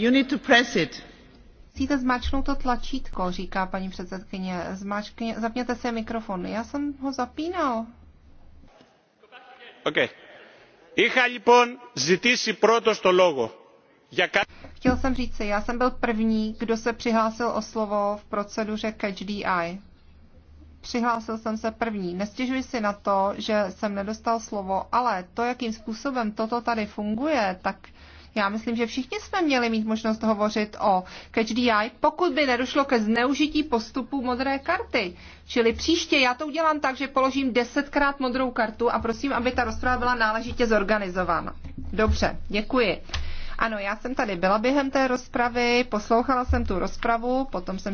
You need to press it. Musíte zmáčknout to tlačítko, říká paní předsedkyně. Zmáčkně, zapněte se mikrofon. Já jsem ho zapínal. OK. Icha lipon ζητήσει proto to logo. Για Chtěl jsem říct si, já jsem byl první, kdo se přihlásil o slovo v proceduře Catch DI. Přihlásil jsem se první. Nestěžuji si na to, že jsem nedostal slovo, ale to, jakým způsobem toto tady funguje, tak já myslím, že všichni jsme měli mít možnost hovořit o catch the eye, pokud by nedošlo ke zneužití postupu modré karty. Čili příště já to udělám tak, že položím desetkrát modrou kartu a prosím, aby ta rozprava byla náležitě zorganizována. Dobře, děkuji. Ano, já jsem tady byla během té rozpravy, poslouchala jsem tu rozpravu, potom jsem